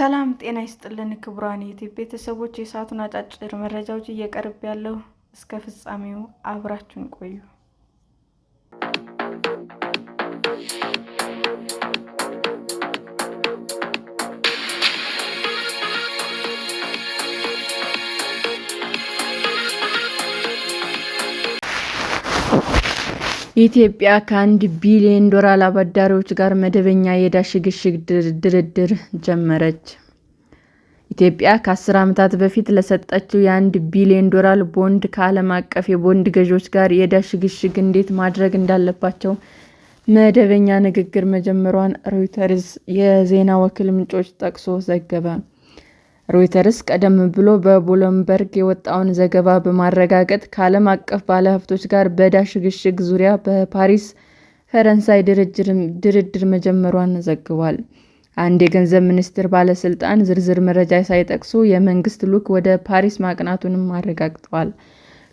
ሰላም ጤና ይስጥልን ክቡራን ዩቲዩብ ቤተሰቦች፣ የሰዓቱን አጫጭር መረጃዎች እየቀርብ ያለው እስከ ፍጻሜው አብራችሁን ቆዩ። ኢትዮጵያ ከአንድ ቢሊዮን ዶላር አበዳሪዎች ጋር መደበኛ የዕዳ ሽግሽግ ድርድር ጀመረች። ኢትዮጵያ ከአስር ዓመታት በፊት ለሰጠችው የአንድ ቢሊዮን ዶላር ቦንድ ከዓለም አቀፍ የቦንድ ገዢዎች ጋር የዕዳ ሽግሽግ እንዴት ማድረግ እንዳለባቸው መደበኛ ንግግር መጀመሯን ሮይተርስ የዜና ወኪል ምንጮች ጠቅሶ ዘገበ። ሮይተርስ ቀደም ብሎ በብሉምበርግ የወጣውን ዘገባ በማረጋገጥ ከዓለም አቀፍ ባለሀብቶች ጋር በዕዳ ሽግሽግ ዙሪያ በፓሪስ ፈረንሳይ ድርድር መጀመሯን ዘግቧል። አንድ የገንዘብ ሚኒስቴር ባለሥልጣን ዝርዝር መረጃ ሳይጠቅሱ የመንግሥት ልዑክ ወደ ፓሪስ ማቅናቱንም አረጋግጠዋል።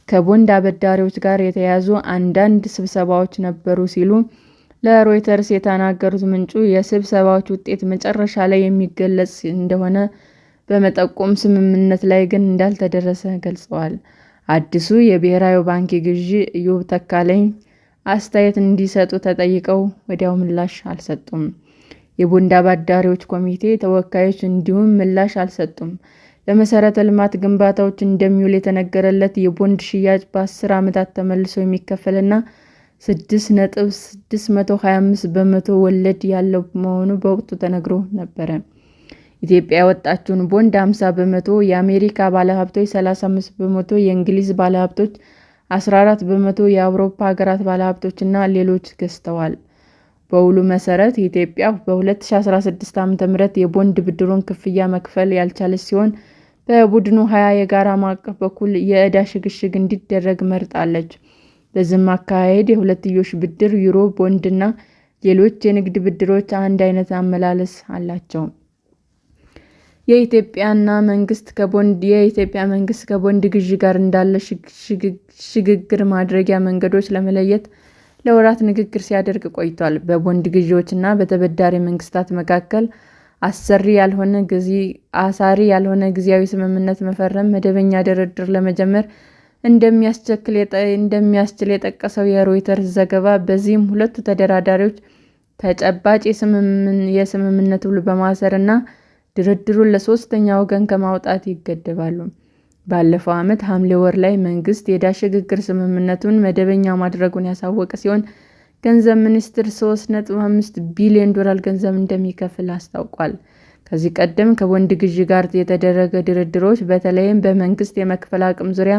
ከቦንድ አበዳሪዎች ጋር የተያያዙ አንዳንድ ስብሰባዎች ነበሩ ሲሉ ለሮይተርስ የተናገሩት ምንጩ የስብሰባዎች ውጤት መጨረሻ ላይ የሚገለጽ እንደሆነ በመጠቆም ስምምነት ላይ ግን እንዳልተደረሰ ገልጸዋል። አዲሱ የብሔራዊ ባንክ ግዢ ኢዮብ ተካልኝ አስተያየት እንዲሰጡ ተጠይቀው ወዲያው ምላሽ አልሰጡም። የቦንድ አበዳሪዎች ኮሚቴ ተወካዮች እንዲሁም ምላሽ አልሰጡም። ለመሠረተ ልማት ግንባታዎች እንደሚውል የተነገረለት የቦንድ ሽያጭ በአስር ዓመታት ተመልሶ የሚከፈልና 6.625 በመቶ ወለድ ያለው መሆኑ በወቅቱ ተነግሮ ነበረ። ኢትዮጵያ ያወጣችውን ቦንድ 50 በመቶ የአሜሪካ ባለሀብቶች፣ 35 በመቶ የእንግሊዝ ባለሀብቶች፣ 14 በመቶ የአውሮፓ ሀገራት ባለሀብቶች እና ሌሎች ገዝተዋል። በውሉ መሰረት ኢትዮጵያ በ2016 ዓ.ም የቦንድ ብድሩን ክፍያ መክፈል ያልቻለች ሲሆን በቡድኑ ሀያ የጋራ ማዕቀፍ በኩል የዕዳ ሽግሽግ እንዲደረግ መርጣለች። በዚህም አካሄድ የሁለትዮሽ ብድር፣ ዩሮ ቦንድና ሌሎች የንግድ ብድሮች አንድ አይነት አመላለስ አላቸው። የኢትዮጵያና መንግስት ከቦንድ የኢትዮጵያ መንግስት ከቦንድ ግዢ ጋር እንዳለ ሽግግር ማድረጊያ መንገዶች ለመለየት ለወራት ንግግር ሲያደርግ ቆይቷል። በቦንድ ገዢዎችና በተበዳሪ መንግስታት መካከል አሳሪ ያልሆነ ጊዜያዊ ስምምነት መፈረም መደበኛ ድርድር ለመጀመር እንደሚያስችል የጠቀሰው የሮይተርስ ዘገባ፣ በዚህም ሁለቱ ተደራዳሪዎች ተጨባጭ የስምምነት ውል በማሰር እና ድርድሩን ለሶስተኛ ወገን ከማውጣት ይገደባሉ። ባለፈው ዓመት ሐምሌ ወር ላይ መንግሥት የዕዳ ሽግግር ስምምነቱን መደበኛ ማድረጉን ያሳወቀ ሲሆን ገንዘብ ሚኒስቴር 35 ቢሊዮን ዶላር ገንዘብ እንደሚከፍል አስታውቋል። ከዚህ ቀደም ከቦንድ ግዢ ጋር የተደረገ ድርድሮች በተለይም በመንግስት የመክፈል አቅም ዙሪያ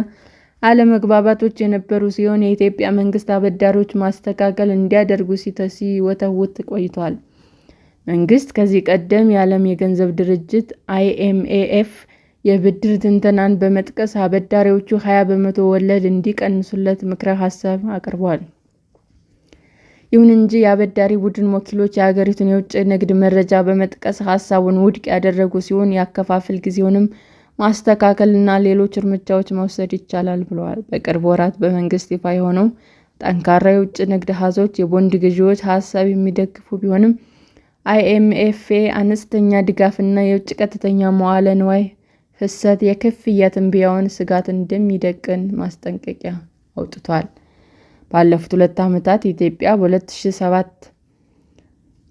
አለመግባባቶች የነበሩ ሲሆን የኢትዮጵያ መንግስት አበዳሪዎች ማስተካከል እንዲያደርጉ ሲወተውት ቆይቷል። መንግስት ከዚህ ቀደም የዓለም የገንዘብ ድርጅት አይኤምኤፍ የብድር ትንተናን በመጥቀስ አበዳሪዎቹ 20 በመቶ ወለድ እንዲቀንሱለት ምክረ ሀሳብ አቅርቧል። ይሁን እንጂ የአበዳሪ ቡድን ወኪሎች የሀገሪቱን የውጭ ንግድ መረጃ በመጥቀስ ሀሳቡን ውድቅ ያደረጉ ሲሆን የአከፋፈል ጊዜውንም ማስተካከል እና ሌሎች እርምጃዎች መውሰድ ይቻላል ብለዋል። በቅርብ ወራት በመንግስት ይፋ የሆነው ጠንካራ የውጭ ንግድ አሃዞች የቦንድ ገዢዎች ሀሳብ የሚደግፉ ቢሆንም፣ አይኤምኤፍ አነስተኛ ድጋፍ እና የውጭ ቀጥተኛ መዋዕለ ንዋይ ፍሰት የክፍያ ትንበያውን ስጋት እንደሚደቅን ማስጠንቀቂያ አውጥቷል። ባለፉት ሁለት ዓመታት ኢትዮጵያ በ2007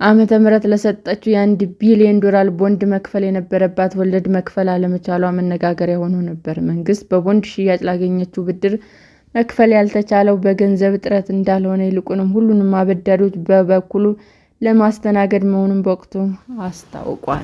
ዓመተ ምህረት ለሰጠችው የአንድ ቢሊዮን ዶላር ቦንድ መክፈል የነበረባት ወለድ መክፈል አለመቻሏ መነጋገሪያ ሆኖ ነበር። መንግስት በቦንድ ሽያጭ ላገኘችው ብድር መክፈል ያልተቻለው በገንዘብ እጥረት እንዳልሆነ ይልቁንም ሁሉንም አበዳሪዎች በበኩሉ ለማስተናገድ መሆኑን በወቅቱ አስታውቋል።